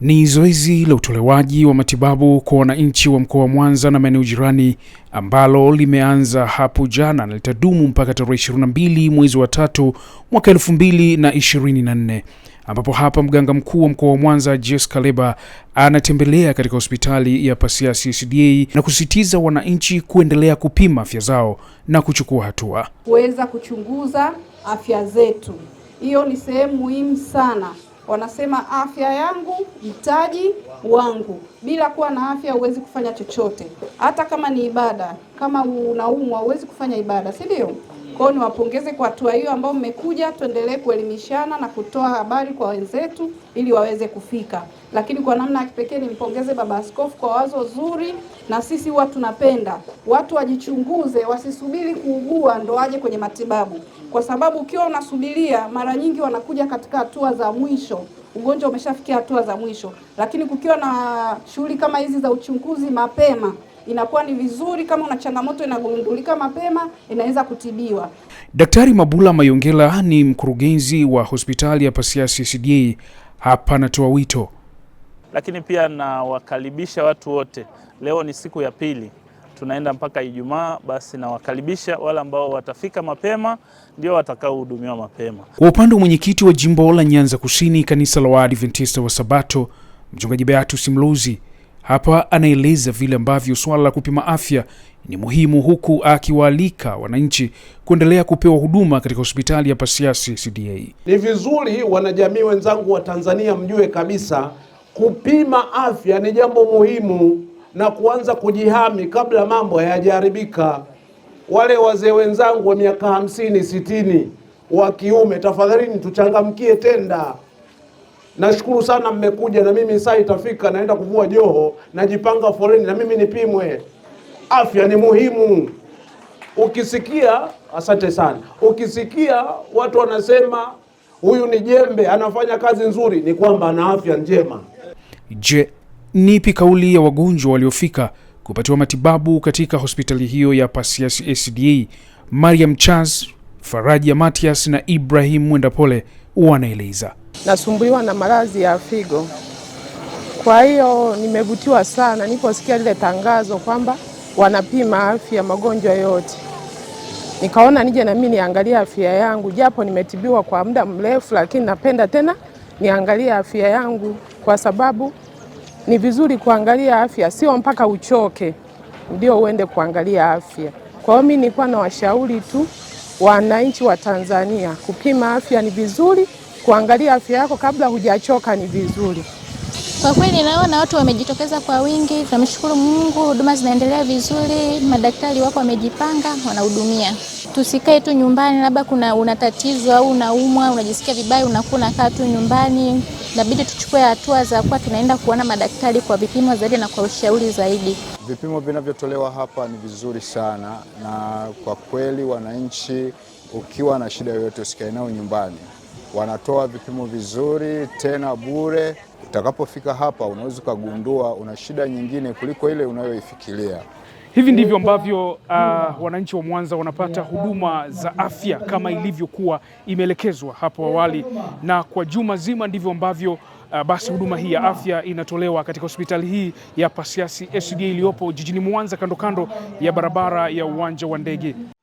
Ni zoezi la utolewaji wa matibabu kwa wananchi wa mkoa wa Mwanza na maeneo jirani ambalo limeanza hapo jana na litadumu mpaka tarehe 22 mwezi wa tatu mwaka 2024 ambapo hapa mganga mkuu wa mkoa wa Mwanza Jess Kaleba anatembelea katika hospitali ya Pasia CCDA na kusisitiza wananchi kuendelea kupima afya zao na kuchukua hatua kuweza kuchunguza afya zetu. Hiyo ni sehemu muhimu sana wanasema afya yangu mtaji wangu. Bila kuwa na afya huwezi kufanya chochote, hata kama ni ibada. Kama unaumwa huwezi kufanya ibada, si ndio? Kwa hiyo niwapongeze kwa hatua hiyo ambao mmekuja, tuendelee kuelimishana na kutoa habari kwa wenzetu ili waweze kufika. Lakini kwa namna ya kipekee nimpongeze Baba Askofu kwa wazo zuri, na sisi huwa tunapenda watu wajichunguze, wasisubiri kuugua ndo waje kwenye matibabu, kwa sababu ukiwa unasubiria mara nyingi wanakuja katika hatua za mwisho ugonjwa umeshafikia hatua za mwisho, lakini kukiwa na shughuli kama hizi za uchunguzi mapema inakuwa ni vizuri kama una changamoto inagundulika mapema, inaweza kutibiwa. Daktari Mabula Mayongela ni mkurugenzi wa hospitali ya Pasia CCD, hapa anatoa wito, lakini pia nawakaribisha watu wote. Leo ni siku ya pili tunaenda mpaka Ijumaa, basi nawakaribisha wale ambao watafika mapema ndio watakaohudumiwa mapema. Kwa upande wa mwenyekiti wa jimbo la Nyanza Kusini, kanisa la Waadventista wa Sabato, Mchungaji Beatus Mlozi hapa anaeleza vile ambavyo suala la kupima afya ni muhimu, huku akiwaalika wananchi kuendelea kupewa huduma katika hospitali ya Pasiansi CDA. Ni vizuri wanajamii wenzangu wa Tanzania mjue kabisa kupima afya ni jambo muhimu na kuanza kujihami kabla mambo hayajaharibika. Wale wazee wenzangu wa miaka hamsini sitini wa kiume, tafadhalini tuchangamkie tenda Nashukuru sana mmekuja, na mimi saa itafika, naenda kuvua joho, najipanga foleni na mimi nipimwe. Afya ni muhimu. Ukisikia asante sana, ukisikia watu wanasema huyu ni jembe, anafanya kazi nzuri, ni kwamba ana afya njema. Je, nipi kauli ya wagonjwa waliofika kupatiwa matibabu katika hospitali hiyo ya Pasiansi SDA? Mariam Charles, Faraja Matias na Ibrahim Mwendapole wanaeleza nasumbuliwa na maradhi ya figo. Kwa hiyo nimevutiwa sana niliposikia lile tangazo kwamba wanapima afya magonjwa yote, nikaona nije na mimi niangalie afya yangu, japo nimetibiwa kwa muda mrefu, lakini napenda tena niangalie afya yangu, kwa sababu ni vizuri kuangalia afya, sio mpaka uchoke ndio uende kuangalia afya. Kwa hiyo mimi nilikuwa na washauri tu wananchi wa Tanzania kupima afya ni vizuri kuangalia afya yako kabla hujachoka ni vizuri. Kwa kweli naona watu wamejitokeza kwa wingi, tunamshukuru Mungu, huduma zinaendelea vizuri, madaktari wako wamejipanga, wanahudumia. Tusikae tu nyumbani, labda kuna una tatizo au unaumwa, unajisikia vibaya, unakuwa unakaa tu nyumbani, inabidi tuchukue hatua za kuwa tunaenda kuona madaktari kwa vipimo zaidi na kwa ushauri zaidi. Vipimo vinavyotolewa hapa ni vizuri sana, na kwa kweli wananchi, ukiwa na shida yoyote usikae nao nyumbani wanatoa vipimo vizuri tena bure. Utakapofika hapa, unaweza ukagundua una shida nyingine kuliko ile unayoifikiria. Hivi ndivyo ambavyo uh, wananchi wa Mwanza wanapata huduma za afya kama ilivyokuwa imeelekezwa hapo awali, na kwa juma zima ndivyo ambavyo uh, basi huduma hii ya afya inatolewa katika hospitali hii ya Pasiansi SDA iliyopo jijini Mwanza, kando kando ya barabara ya uwanja wa ndege.